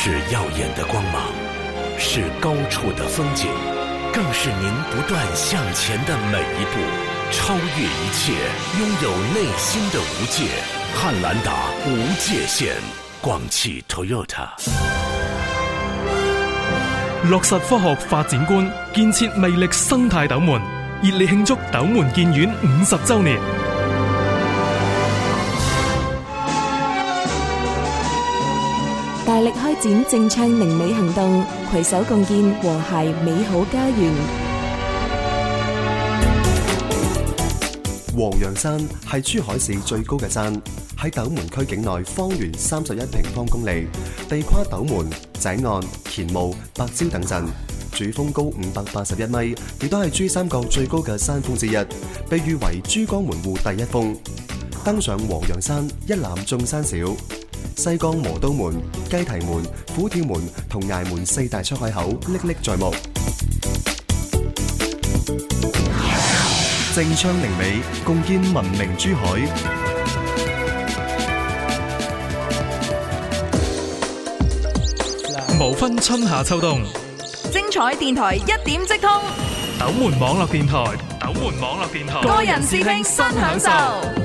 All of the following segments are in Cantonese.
是耀眼的光芒，是高處的風景，更是您不斷向前的每一步，超越一切，擁有內心的無界。漢蘭達無界限，廣汽 Toyota。落實科學發展觀，建設魅力生態斗門，熱烈慶祝斗門建縣五十周年。展正創明美行動，攜手共建和諧美好家園。黃楊山係珠海市最高嘅山，喺斗門區境內，方圓三十一平方公里，地跨斗門、井岸、乾務、白蕉等鎮，主峰高五百八十一米，亦都係珠三角最高嘅山峰之一，被譽為珠江門戶第一峰。登上黃楊山，一覽眾山小。西江磨刀門、雞啼門、虎跳門同崖門四大出海口歷歷在目，正昌寧美，共建文明珠海，無分春夏秋冬，精彩電台一點即通，斗門網絡電台，斗門網絡電台，個人視聽新享受。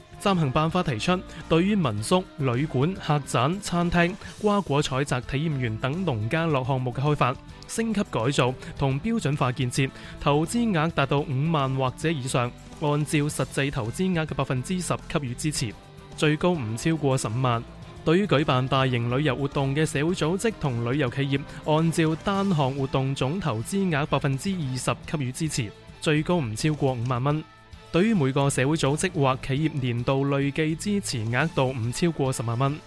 暫行辦法提出，對於民宿、旅館、客棧、餐廳、瓜果採摘體驗園等農家樂項目嘅開發、升級改造同標準化建設，投資額達到五萬或者以上，按照實際投資額嘅百分之十給予支持，最高唔超過十五萬。對於舉辦大型旅遊活動嘅社會組織同旅遊企業，按照單項活動總投資額百分之二十給予支持，最高唔超過五萬蚊。對於每個社會組織或企業年度累計支持額度唔超過十萬蚊。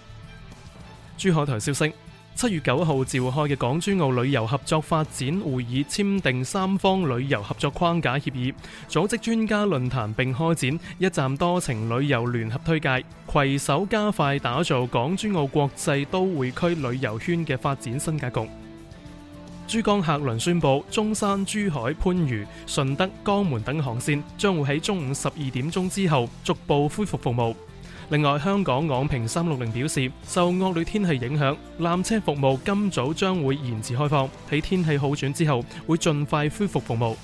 珠海台消息，七月九號召開嘅港珠澳旅遊合作發展會議簽訂三方旅遊合作框架協議，組織專家論壇並開展一站多程旅遊聯合推介，攜手加快打造港珠澳國際都會區旅遊圈嘅發展新格局。珠江客輪宣布，中山、珠海、番禺、順德、江門等航線將會喺中午十二點鐘之後逐步恢復服務。另外，香港昂坪三六零表示，受惡劣天氣影響，纜車服務今早將會延遲開放，喺天氣好轉之後會盡快恢復服務。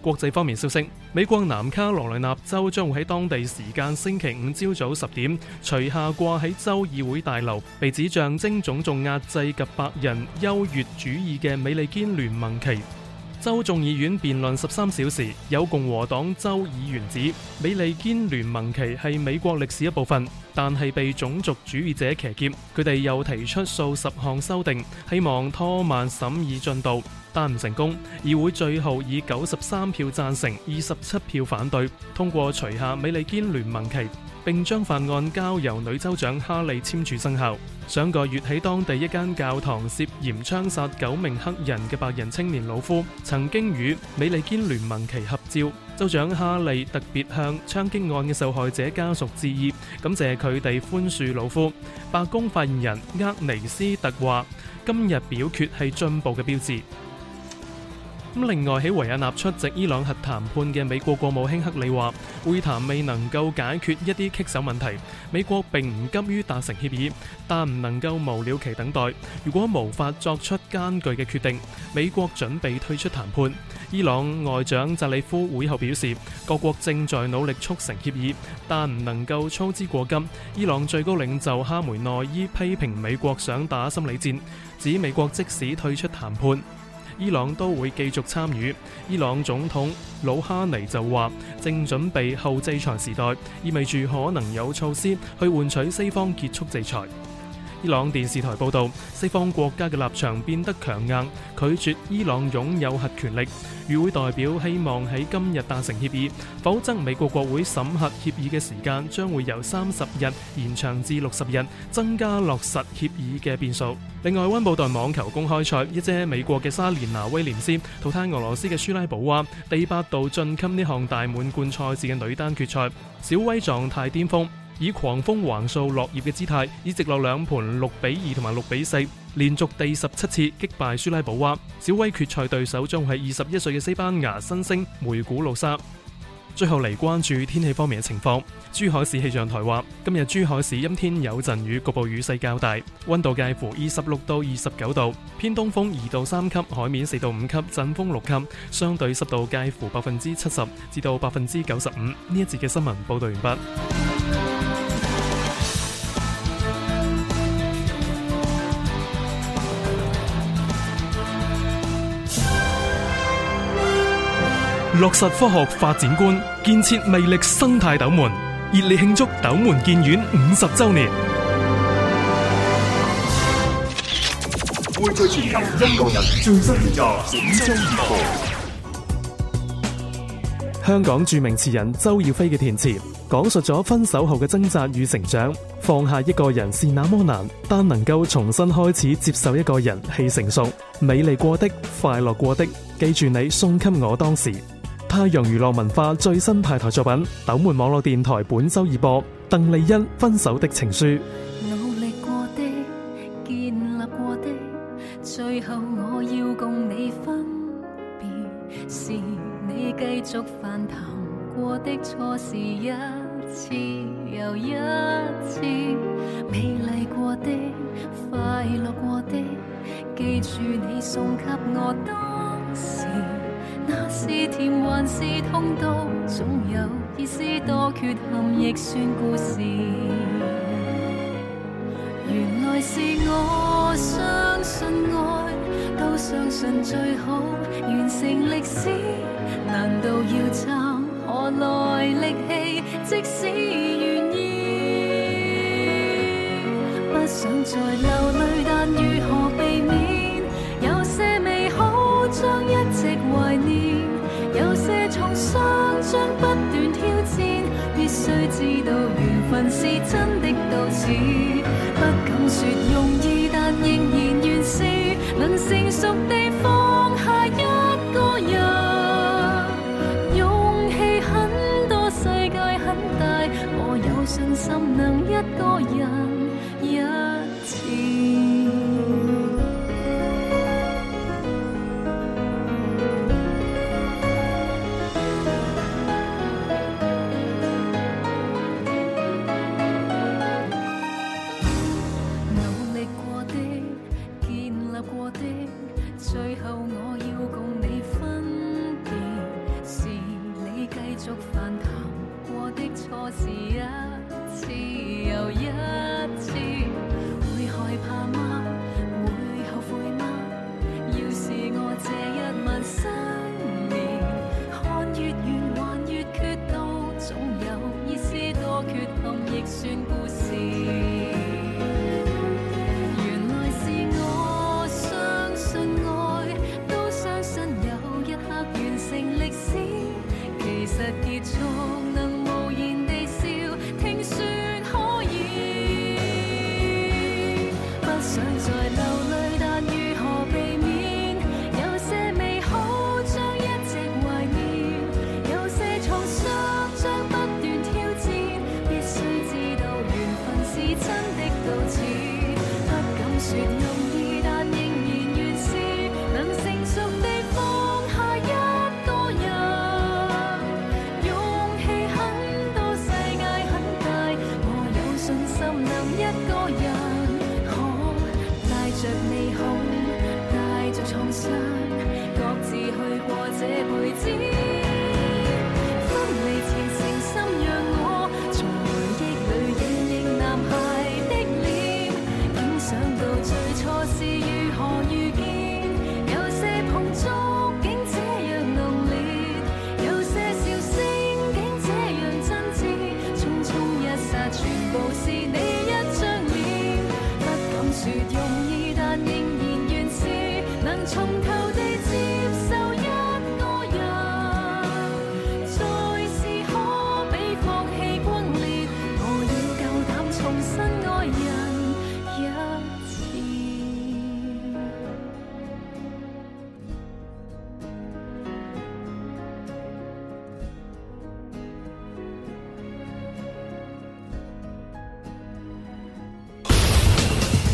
國際方面消息，美國南卡羅來納州將會喺當地時間星期五朝早十點，除下掛喺州議會大樓，被指象徵種族壓制及白人優越主義嘅美利堅聯盟旗。州眾議院辯論十三小時，有共和黨州議員指美利堅聯盟旗係美國歷史一部分，但係被種族主義者騎劫。佢哋又提出數十項修訂，希望拖慢審議進度。但唔成功，議會最後以九十三票贊成、二十七票反對通過，除下美利堅聯盟旗，並將法案交由女州長哈利簽署生效。上個月喺當地一間教堂涉嫌槍殺九名黑人嘅白人青年老夫，曾經與美利堅聯盟旗合照。州長哈利特別向槍擊案嘅受害者家屬致意，感謝佢哋寬恕老夫。白宮發言人厄尼斯特話：今日表決係進步嘅標誌。咁另外喺維也納出席伊朗核談判嘅美國國務卿克里話，會談未能夠解決一啲棘手問題，美國並唔急於達成協議，但唔能夠無了期等待。如果無法作出艱巨嘅決定，美國準備退出談判。伊朗外長扎里夫會後表示，各國正在努力促成協議，但唔能夠操之過急。伊朗最高領袖哈梅內伊批評美國想打心理戰，指美國即使退出談判。伊朗都會繼續參與。伊朗總統魯哈尼就話，正準備後制裁時代，意味住可能有措施去換取西方結束制裁。伊朗電視台報道，西方國家嘅立場變得強硬，拒絕伊朗擁有核權力。與會代表希望喺今日達成協議，否則美國國會審核協議嘅時間將會由三十日延長至六十日，增加落實協議嘅變數。另外，温布頓網球公開賽，一姐美國嘅莎蓮娜威廉斯淘汰俄羅斯嘅舒拉寶娃第八度晉級呢項大滿貫賽事嘅女單決賽，小威狀態巔峰。以狂風橫掃落葉嘅姿態，以直落兩盤六比二同埋六比四，連續第十七次擊敗舒拉保娃。小威決賽對手將係二十一歲嘅西班牙新星梅古魯沙。最後嚟關注天氣方面嘅情況。珠海市氣象台話，今日珠海市陰天有陣雨，局部雨勢較大，溫度介乎二十六到二十九度，偏東風二到三級，海面四到五級，陣風六級，相對濕度介乎百分之七十至到百分之九十五。呢一節嘅新聞報道完畢。落實科學發展觀，建設魅力生態斗門，熱烈慶祝斗門建院五十周年。香港著名詞人周耀輝嘅填詞，講述咗分手後嘅掙扎與成長。放下一個人是那麼難，但能夠重新開始，接受一個人，棄成熟，美麗過的，快樂過的，記住你送給我當時，太陽娛樂文化最新派台作品，斗門網絡電台本周熱播。鄧麗欣《分手的情書》。努力過的，建立過的，最後我要共你分別，是你繼續犯返頭過的錯事，一次又一次，美麗過的，快樂過的，記住你送給我，當時那是甜還是痛，都總有一絲多缺陷亦算故事。原來是我相信愛，都相信最好完成歷史。難道要差何來力氣？即使願意，不想再流淚，但如何？人是真的到此，不敢說容易，但仍然願試，能成熟地放下一個人。勇氣很多，世界很大，我有信心能一個人一次。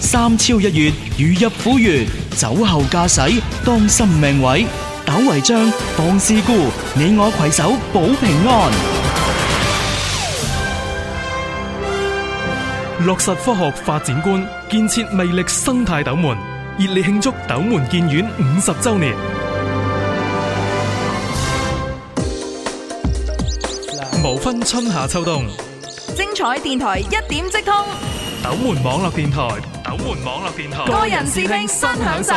三超一越，如入虎穴；酒後駕駛，當心命位。鬥違章，防事故，你我攜手保平安。落實科學發展觀，建設魅力生態斗門，熱烈慶祝斗門建院五十周年。無分春夏秋冬，精彩電台一點即通，斗門網絡電台。斗門網絡電台，個人視聽新享受。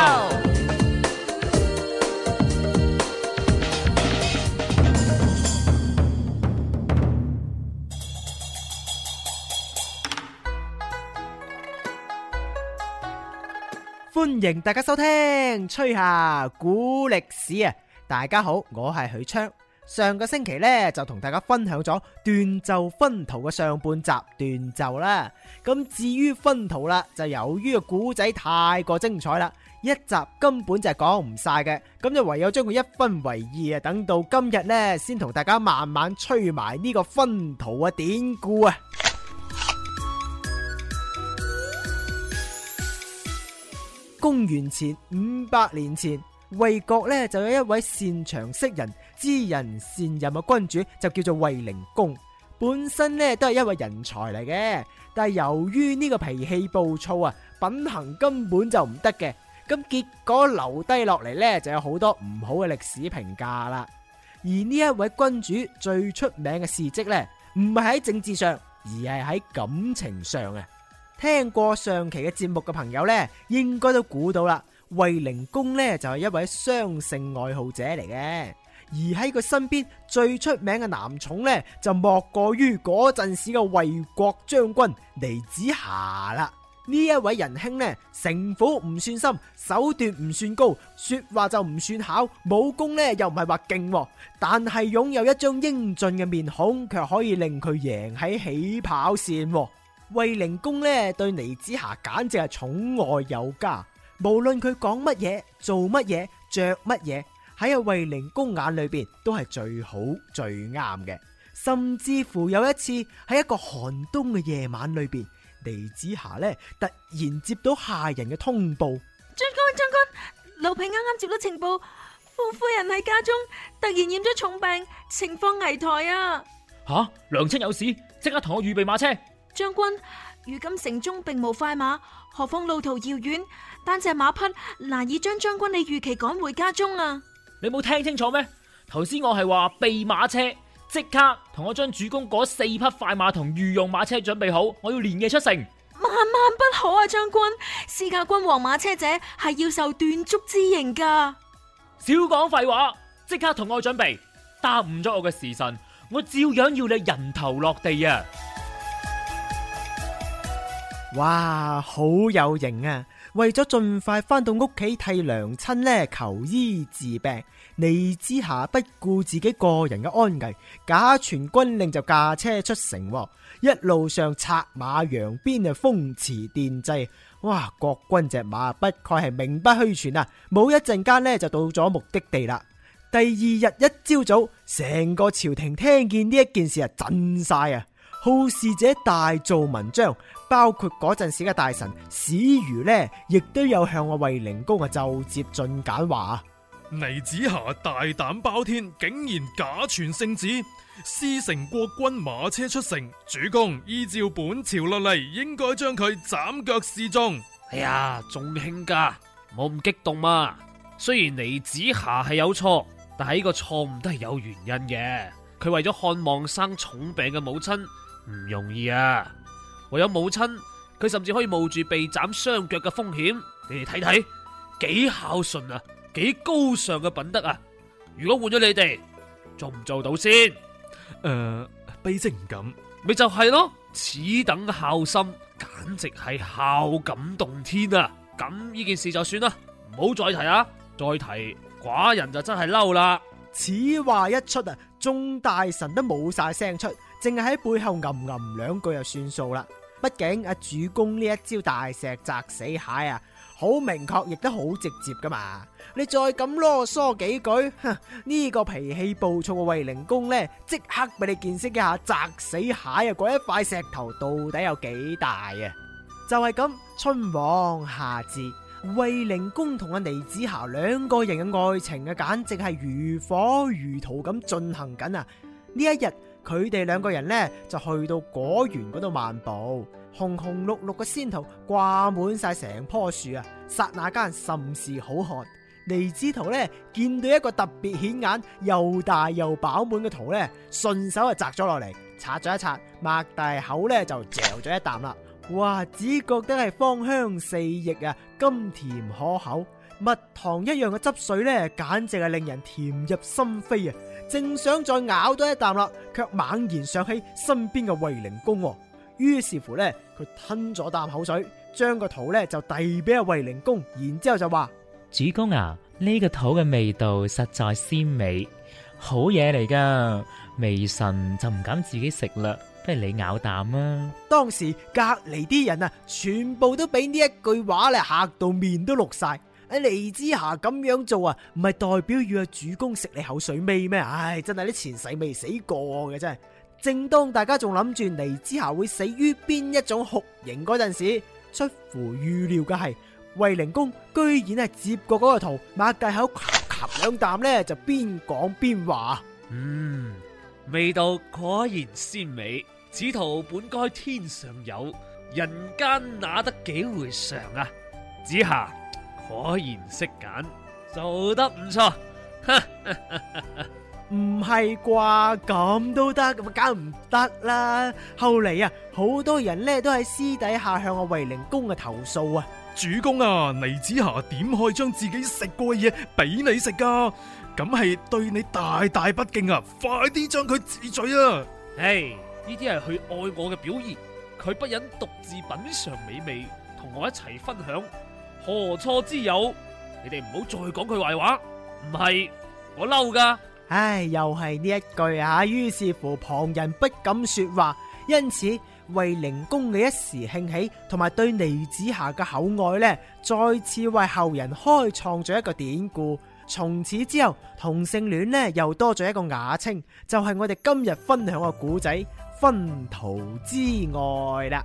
歡迎大家收聽《吹下古歷史》啊！大家好，我係許昌。上個星期咧就同大家分享咗斷袖分桃嘅上半集斷袖啦，咁至於分桃啦，就由於個古仔太過精彩啦，一集根本就係講唔晒嘅，咁就唯有將佢一分為二啊，等到今日呢，先同大家慢慢吹埋呢個分桃嘅典故啊！公元前五百年前，衛國呢，就有一位擅長識人。知人善任嘅君主就叫做衛靈公，本身咧都係一位人才嚟嘅。但係由於呢個脾氣暴躁啊，品行根本就唔得嘅，咁結果留低落嚟咧就有好多唔好嘅歷史評價啦。而呢一位君主最出名嘅事蹟咧，唔係喺政治上，而係喺感情上啊。聽過上期嘅節目嘅朋友咧，應該都估到啦。衛靈公咧就係一位雙性愛好者嚟嘅。而喺佢身邊最出名嘅男寵呢，就莫過於嗰陣時嘅衛國將軍倪子霞啦。呢一位仁兄呢，城府唔算深，手段唔算高，說話就唔算巧，武功呢又唔係話勁，但係擁有一張英俊嘅面孔，卻可以令佢贏喺起跑線，哦。衛靈公呢對倪子霞簡直係寵愛有加，無論佢講乜嘢、做乜嘢、着乜嘢。喺阿衛靈公眼裏邊都係最好最啱嘅，甚至乎有一次喺一個寒冬嘅夜晚裏邊，李子霞咧突然接到下人嘅通報：將軍，將軍，老婢啱啱接到情報，傅夫人喺家中突然染咗重病，情況危殆啊！吓、啊，娘親有事，即刻同我預備馬車。將軍，如今城中並無快馬，何況路途遙遠，單只馬匹難以將將軍你如期趕回家中啊！你冇聽清楚咩？頭先我係話備馬車，即刻同我將主公嗰四匹快馬同御用馬車準備好，我要連夜出城。萬萬不可啊，將軍！私駕君王馬車者係要受斷足之刑噶。少講廢話，即刻同我準備。耽誤咗我嘅時辰，我照樣要你人頭落地啊！哇，好有型啊！為咗盡快翻到屋企替娘親呢求醫治病，倪之霞不顧自己個人嘅安危，假傳軍令就駕車出城，一路上策馬揚鞭，就風馳電掣。哇！國軍隻馬不愧係名不虛傳啊！冇一陣間呢，就到咗目的地啦。第二日一朝早，成個朝廷聽見呢一件事啊，震晒啊！好事者大做文章。包括嗰陣時嘅大臣史魚呢，亦都有向我衛靈公啊就接進簡話。倪子霞大膽包天，竟然假傳聖旨，私乘國君馬車出城。主公依照本朝律例，應該將佢斬腳示眾。哎呀，仲興家，冇咁激動嘛。雖然倪子霞係有錯，但係呢個錯誤都係有原因嘅。佢為咗看望生重病嘅母親，唔容易啊。唯有母親，佢甚至可以冒住被斬雙腳嘅風險，你哋睇睇幾孝順啊，幾高尚嘅品德啊！如果換咗你哋，做唔做到先？誒，卑職唔敢，咪就係咯。此等孝心，簡直係孝感動天啊！咁呢件事就算啦，唔好再提啊！再提，寡人就真係嬲啦！此話一出啊，眾大臣都冇晒聲出，淨係喺背後吟吟兩句就算數啦。畢竟阿主公呢一招大石砸死蟹啊，好明確亦都好直接噶嘛！你再咁囉嗦幾句，哼，呢、這個脾氣暴躁嘅衛靈公呢，即刻俾你見識一下砸死蟹啊！嗰一塊石頭到底有幾大啊？就係、是、咁，春往夏至，衛靈公同阿倪子霞兩個人嘅愛情啊，簡直係如火如荼咁進行緊啊！呢一日。佢哋兩個人呢，就去到果園嗰度漫步，紅紅綠綠嘅仙桃掛滿晒成棵樹啊！剎那間甚是好看。尼枝桃呢，見到一個特別顯眼又大又飽滿嘅桃呢，順手啊摘咗落嚟，擦咗一擦，擘大口呢，就嚼咗一啖啦！哇，只覺得係芳香四溢啊，甘甜可口，蜜糖一樣嘅汁水呢，簡直係令人甜入心扉啊！正想再咬多一啖啦，卻猛然想起身邊嘅衛靈公，於是乎呢佢吞咗啖口水，將個肚呢就遞俾阿衛靈公，然之後就話：主公啊，呢個肚嘅味道實在鮮美，好嘢嚟噶，微臣就唔敢自己食啦，不如你咬啖啦。當時隔籬啲人啊，全部都俾呢一句話咧嚇到面都綠晒。喺黎之霞咁樣做啊，唔係代表要阿主公食你口水味咩？唉，真係啲前世未死過嘅真係。正當大家仲諗住黎之霞會死於邊一種酷刑嗰陣時，出乎預料嘅係衛靈公居然係接過嗰個圖，擘大口咔咔兩啖咧，就邊講邊話，嗯，味道果然鮮美，此圖本該天上有，人間哪得幾回嘗啊？子夏。果然識揀，做得唔錯。唔係啩？咁都得？咁咪梗唔得啦！後嚟啊，好多人咧都喺私底下向我衛靈公嘅投訴啊！主公啊，彌子瑕點可以將自己食過嘅嘢俾你食噶？咁係對你大大不敬啊！快啲將佢治罪啊！唉，呢啲係佢愛我嘅表現。佢不忍獨自品嘗美味，同我一齊分享。何錯之有？你哋唔好再講佢壞話。唔係我嬲噶。唉，又係呢一句啊。於是乎，旁人不敢說話。因此，衛靈公嘅一時興起，同埋對彌子瑕嘅厚愛呢，再次為後人開創咗一個典故。從此之後，同性戀呢，又多咗一個雅稱，就係、是、我哋今日分享嘅古仔《分桃之愛》啦。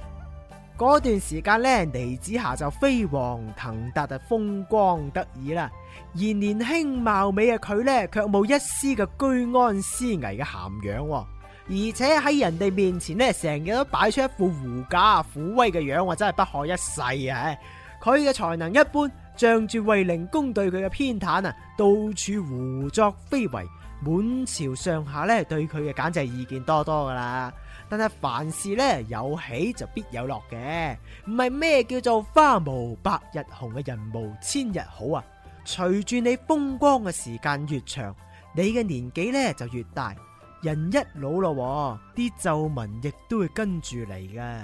嗰段時間呢，倪子夏就飛黃騰達，就風光得意啦。而年輕貌美嘅佢呢，卻冇一絲嘅居安思危嘅涵養，而且喺人哋面前呢，成日都擺出一副狐假虎威嘅樣，我真係不可一世啊！佢嘅才能一般，仗住衛靈公對佢嘅偏袒啊，到處胡作非為，滿朝上下呢，對佢嘅簡直意見多多噶啦。但係凡事咧，有起就必有落嘅，唔係咩叫做花無百日紅嘅人無千日好啊！隨住你風光嘅時間越長，你嘅年紀咧就越大，人一老咯，啲皺紋亦都會跟住嚟噶。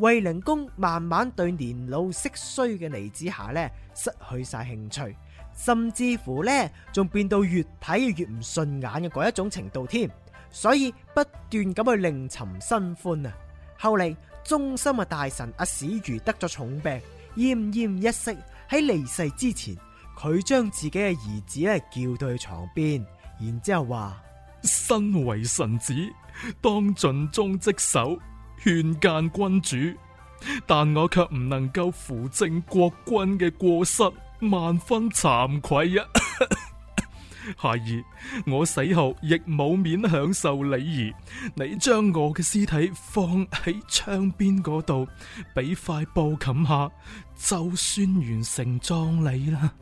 衛靈公慢慢對年老色衰嘅彌子瑕咧失去晒興趣，甚至乎咧仲變到越睇越唔順眼嘅嗰一種程度添。所以不斷咁去另尋新歡啊！後嚟忠心嘅大臣阿史如得咗重病，奄奄一息，喺離世之前，佢將自己嘅兒子咧叫到去床邊，然之後話：身為臣子，當盡忠職守，勸諫君主，但我卻唔能夠扶正國君嘅過失，萬分慚愧啊！ 孩兒，我死後亦冇面享受禮儀，你將我嘅屍體放喺窗邊嗰度，俾塊布冚下，就算完成葬禮啦。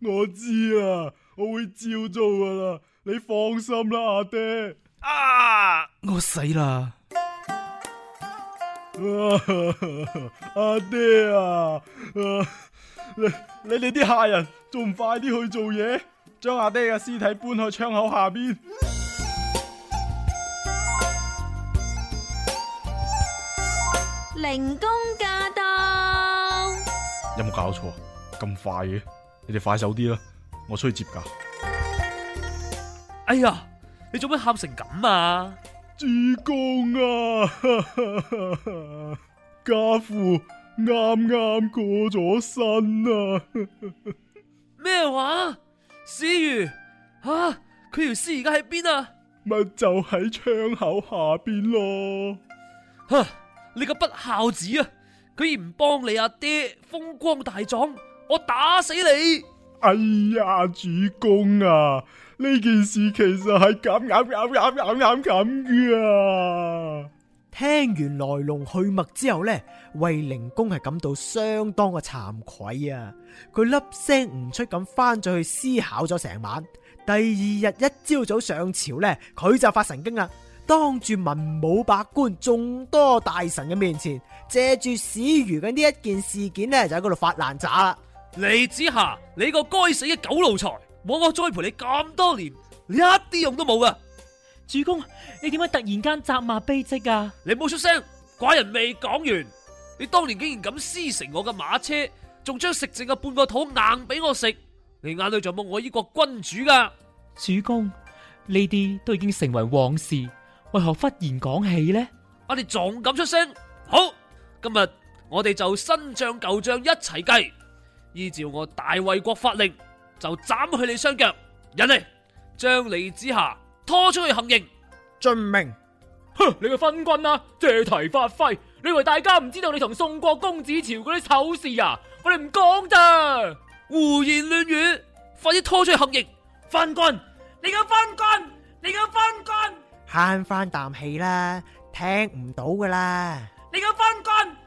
我知啦，我會照做噶啦，你放心啦，阿爹。啊，我死啦！阿、啊、爹啊！啊你你哋啲客人仲唔快啲去做嘢？將阿爹嘅屍體搬去窗口下邊。靈公駕到。有冇搞錯？咁快嘅？你哋快手啲啦！我出去接噶。哎呀！你做咩喊成咁啊？主公啊哈哈，家父。啱啱過咗身啊 ！咩話，思如吓佢條屍而家喺邊啊？咪、啊、就喺窗口下邊咯！哈、啊，你這個不孝子啊！居然唔幫你阿爹風光大葬，我打死你！哎呀，主公啊，呢件事其實係咁咁咁咁咁嘅。聽完來龍去脈之後呢，衛靈公係感到相當嘅慚愧啊！佢粒聲唔出咁翻咗去思考咗成晚。第二日一朝早上朝呢，佢就發神經啦，當住文武百官眾多大臣嘅面前，借住史魚嘅呢一件事件呢，就喺嗰度發爛渣啦！李子霞，你個該死嘅狗奴才，枉我栽培你咁多年，你一啲用都冇啊。」主公，你點解突然間責罵卑職啊？你冇出聲，寡人未講完。你當年竟然敢私乘我嘅馬車，仲將食剩嘅半個肚硬俾我食，你眼裏仲冇我依個君主噶？主公，呢啲都已經成為往事，為何忽然講起呢？我哋仲敢出聲？好，今日我哋就新將舊將一齊計，依照我大衛國法令，就斬去你雙腳。引嚟，將你之下。拖出去行刑，遵命。哼，你個昏君啊，借題發揮。你以為大家唔知道你同宋國公子朝嗰啲醜事啊？我哋唔講咋，胡言亂語。快啲拖出去行刑。昏君，你個昏君，你個昏君，慳翻啖氣啦，聽唔到噶啦。你個昏君。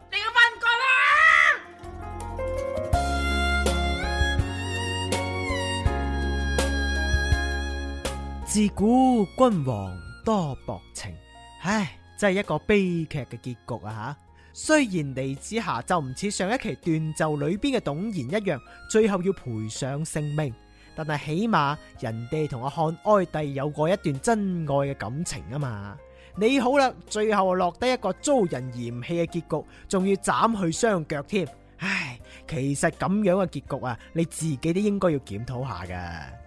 自古君王多薄情，唉，真係一個悲劇嘅結局啊！吓，雖然李子霞就唔似上一期斷袖裏邊嘅董賢一樣，最後要賠上性命，但係起碼人哋同阿漢哀帝有過一段真愛嘅感情啊嘛。你好啦，最後落得一個遭人嫌棄嘅結局，仲要斬去雙腳添，唉，其實咁樣嘅結局啊，你自己都應該要檢討下噶。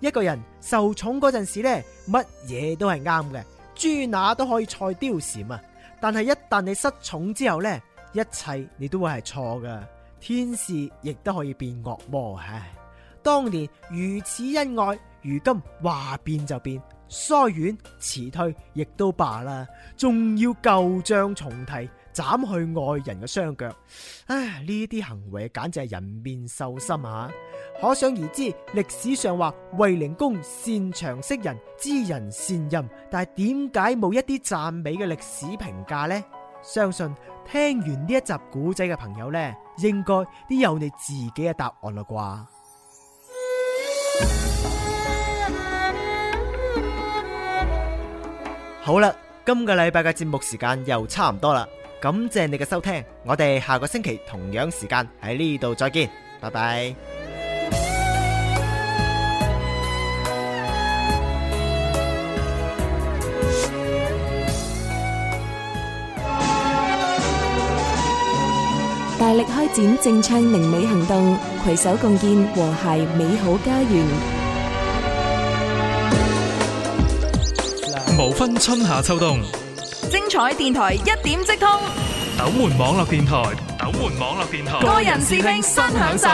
一個人受寵嗰陣時呢，乜嘢都係啱嘅，豬乸都可以賽貂蟬啊！但係一旦你失寵之後呢，一切你都會係錯㗎，天使亦都可以變惡魔唉！當年如此恩愛，如今話變就變，疏遠辭退亦都罷啦，仲要舊賬重提。斬去愛人嘅雙腳，唉，呢啲行為簡直係人面獸心啊！可想而知，歷史上話衛靈公擅長識人、知人善任，但係點解冇一啲讚美嘅歷史評價呢？相信聽完呢一集古仔嘅朋友呢，應該都有你自己嘅答案啦啩！好啦，今個禮拜嘅節目時間又差唔多啦。感謝你嘅收聽，我哋下個星期同樣時間喺呢度再見，拜拜！大力開展淨暢寧美行動，携手共建和諧美好家園，無分春夏秋冬。彩電台一點即通，斗門網絡電台，斗門網絡電台，個人視聽新享受。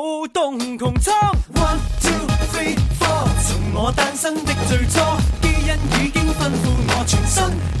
舞動穹蒼，One Two Three Four，從我誕生的最初，基因已經吩咐我全身。